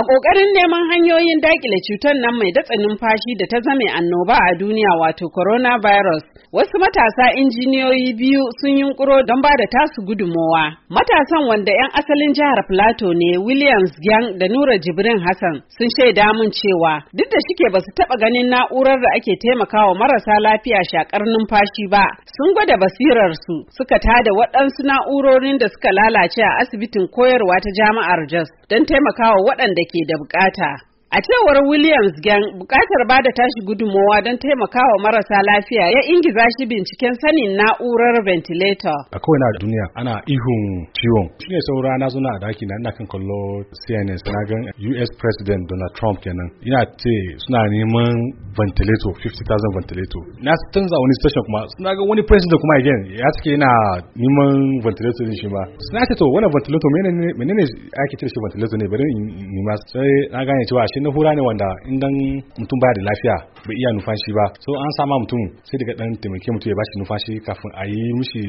A ƙoƙarin neman hanyoyin daƙile cutar nan mai datsa numfashi da ta zame annoba a duniya wato coronavirus, wasu matasa injiniyoyi biyu sun yunkuro don ba da tasu gudummawa. Matasan wanda 'yan asalin jihar Plato ne Williams Gyang da Nura Jibrin Hassan sun shaida mun cewa duk da shike ba su taɓa ganin na'urar da ake taimakawa marasa lafiya shakar numfashi ba, sun gwada basirar su, suka tada waɗansu na'urorin da suka lalace a asibitin koyarwa ta jami'ar Jos don taimakawa waɗanda da ke da bukata A cewar Williams Gang, bukatar ba da tashi gudunmowa don taimakawa marasa lafiya ya ingiza shi binciken sanin na'urar ventilator. A kowane a duniya ana ihun ciwon. Shi ne saura na zuna a daki na ina kan kallo CNS na gan US President Donald Trump kenan. ina ce suna neman ventilator 50,000 ventilator. Na za wani station kuma suna ga wani president kuma again ya suke yana neman ventilator din shi ba. Suna ce to wani ventilator menene ake cire shi ventilator ne bari in nima sai na gane cewa shi shi na hura ne wanda idan mutum baya da lafiya bai iya numfashi ba so an sama mutum sai daga dan taimake mutum ya bashi numfashi kafin a yi mishi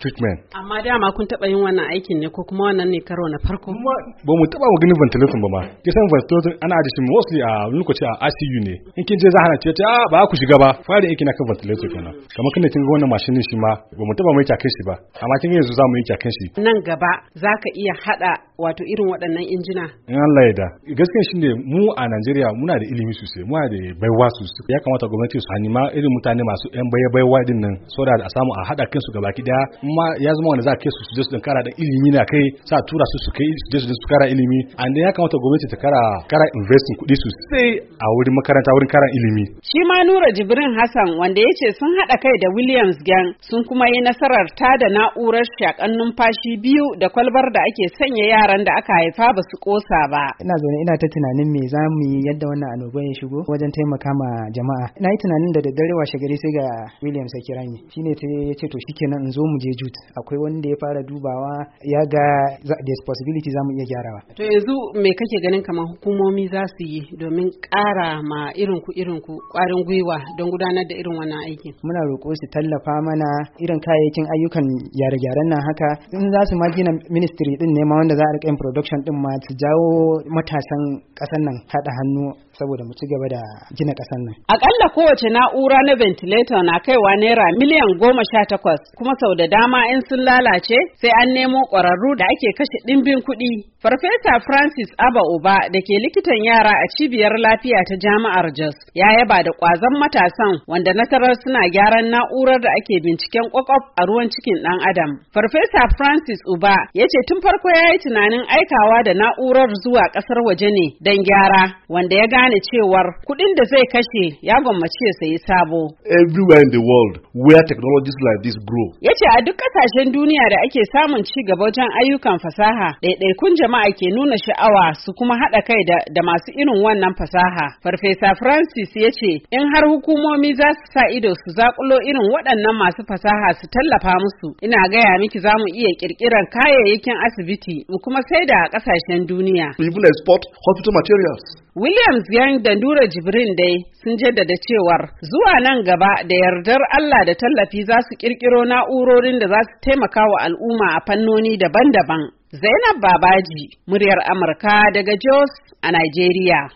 treatment amma dama kun taba yin wannan aikin ne ko kuma wannan ne karo na farko ba mu taba mu ganin ventilation ba ma kisan ventilation ana ajiye shi mostly a lokaci a ICU ne in kin je za hana ce a ba ku shiga ba fara yake na kan ventilation kenan kamar kin kin ga wannan mashin shi ma ba mu taba mai kyakin shi ba amma kin yanzu za mu yi kyakin shi nan gaba zaka iya hada wato irin waɗannan injina in Allah ya da gaskiya shine mu a Najeriya muna da ilimi sosai muna da baiwa sosai ya kamata gwamnati su hanima irin mutane masu yan baya baiwa din nan so da a samu a hada kan su gabaki daya ma ya zama wanda za a kai su su din kara da ilimi na kai sa tura su su kai su su kara ilimi and ya kamata gwamnati ta kara kara investing kuɗi sosai a wurin makaranta wurin karan ilimi. Shi ma Nura Jibrin Hassan wanda ya ce sun haɗa kai da Williams Gang sun kuma yi nasarar ta da na'urar shakan numfashi biyu da kwalbar da ake sanya yaran da aka haifa ba su kosa ba. Ina zaune ina ta tunanin me za mu yi yadda wannan annoba ya shigo wajen taimaka ma jama'a. Na yi tunanin da daddare washe gari sai ga Williams ya kira ni. ne ya ce to shikenan in zo mu je jut. Akwai wanda ya fara dubawa ya ga the possibility za mu iya gyarawa. To yanzu me kake ganin kamar hukumomi za su yi domin ƙara ƙara ma irin ku irin ku ƙwarin gwiwa don gudanar da irin wannan aiki muna roƙo su tallafa mana irin kayayyakin ayyukan gyare-gyaren nan haka in za su ma gina ministry din ne ma wanda za a riƙa yin production din ma su jawo matasan ƙasar nan haɗa hannu saboda mu ci gaba da gina ƙasar nan. Akalla kowace na'ura na ventilator na kaiwa naira miliyan goma sha takwas kuma sau da dama in sun lalace sai an nemo ƙwararru da ake kashe ɗimbin kuɗi. Farfesa Francis Aba Uba da ke likitan yara a cibiyar lafiya ta Jama'ar Jos ya yaba da ƙwazon matasan wanda nasarar suna gyaran na'urar da ake binciken ƙwaƙwaf a ruwan cikin ɗan adam. Farfesa Francis Uba ya ce tun farko ya yi tunanin aikawa da na'urar zuwa ƙasar waje ne don gyara wanda ya gane gane cewar kuɗin da zai kashe ya gwammace ya sayi sabo. Everywhere in the world where technologies like this grow. Ya ce a duk ƙasashen duniya da ake samun ci gaba wajen ayyukan fasaha, ɗaiɗaikun jama'a ke nuna sha'awa su kuma haɗa kai da masu irin wannan fasaha. Farfesa Francis ya ce in har hukumomi za su sa ido su zaƙulo irin waɗannan masu fasaha su tallafa musu, ina gaya miki za mu iya ƙirƙirar kayayyakin asibiti mu kuma saida a ƙasashen duniya. People export hospital materials. Williams Yang da Nura Jibrin dai sun jaddada cewar zuwa nan gaba da yardar Allah da tallafi za su kirkiro na'urorin da za su taimaka wa al'umma a fannoni daban-daban. Zainab Babaji, muryar Amurka daga Jos a Nigeria.